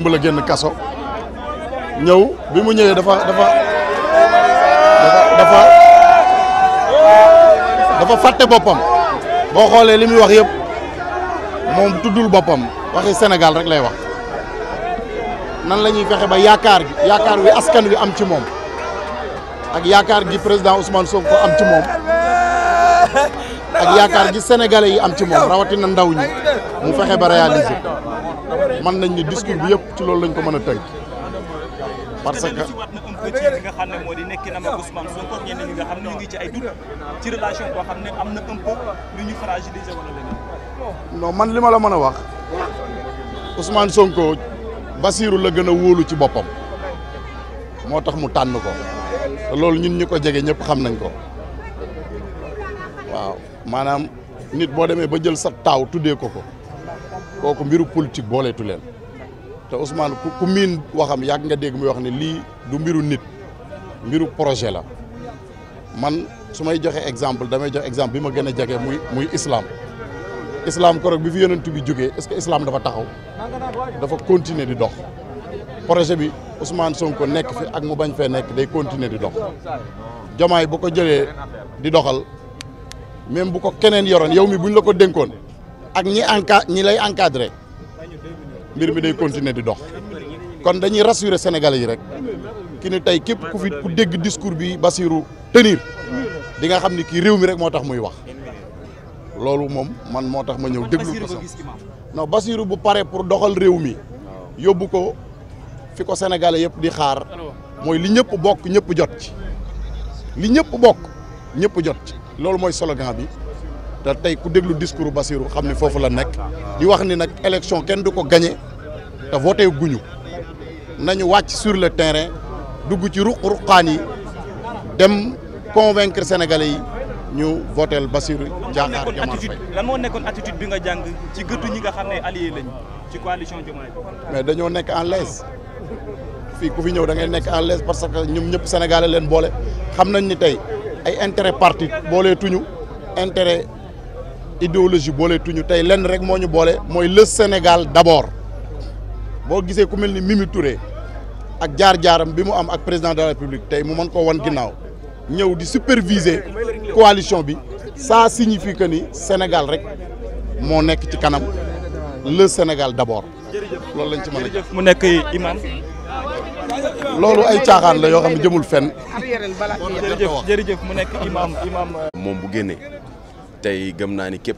bu la kaso ñëw bi mu ñëwee dafa dafa dafa dafa fàtte boppam boo xoolee li muy wax yëpp moom tuddul boppam waxi senegal rek lay wax nan lañuy ñuy fexe ba yaakaar gi yaakaar wi askan wi am ci moom ak yaakaar gi président Ousmane Sonko am ci moom yaakaar gi sénégalais yi am ci moom rawatina ndaw ñi mu fexe ba réaliser mën nañ ni discours bi yëpp ci loolu lañ ko mën a tëj parce que moo di nekk na ma Ousmane Sonko ñenn ñi ngi ci ay doute ne am na un peu lu man li ma la mën a wax Ousmane Sonko Basirou la gën a wóolu ci boppam moo tax mu tànn ko te loolu ñun ñi ko jege ñëpp xam nañ ko waaw maanaam nit boo demee ba jël sa taaw tuddee ko ko kooku mbiru politique booleetu leen te Ousmane ku miin waxam yàgg nga dégg muy wax ne lii du mbiru nit mbiru projet la man su may joxe exemple damay jox exemple bi ma gën a jege muy muy islaam islam korog bi fi yonent bi jógee est-ce que islam dafa taxaw dafa continuer di dox projet bi Ousmane ko nekk fi ak mu bañ fee nekk day continuer di dox jomaay boo ko jëlee di doxal même bu ko keneen yoroon yow mi bu ñu la ko dénkoon ak ñi enca ñi lay encadré mbir mi day continuer di dox kon dañuy rassurer sénégalais yi rek ki ni tey képp ku fi ku dégg discours bi bassiru tenir di nga xam ni kii réew mi rek moo tax muy wax loolu moom man moo tax ma ñëw déglu ko sax non Bassirou bu pare pour doxal réew mi yóbbu ko fi ko sénégalais yëpp di xaar mooy li ñëpp bokk ñëpp jot ci li ñëpp bokk ñëpp jot loolu mooy slogan bi te tey ku déglu discours Bassirou xam ne foofu la nekk di wax ni nag élection kenn du ko gagné te voté guñu nañu wàcc sur le terrain dugg ci ruq ruqaan yi dem convaincre sénégalais yi ñu voteel Bassirou Diakhar Diomaye Faye lan moo nekkoon attitude bi nga jàng ci gëtu nga xam ne allié lañ ci coalition Diomaye mais dañoo nekk en l'aise fii ku fi ñëw da ngay nekk en l'aise parce que ñoom ñëpp sénégalais leen boole xam nañ ni tey ay intérêt parti boolee tuñu intérêt idéologie boolee tuñu tey lenn rek moo ñu boole mooy le Sénégal d'abord boo gisee ku mel ni Mimi Touré ak jaar-jaaram bi mu am ak président de la République tey mu mën ko wan ginnaaw ñëw di superviser coalition bi ça signifie que ni Sénégal rek moo nekk ci kanam le Sénégal d'abord loolu lañ ci mën a mu nekk imam loolu ay caaxaan la yoo xam ne jëmul fen jërëjëf jërëjëf mu nekk euh, moom bu génnee tey gëm naa ni képp.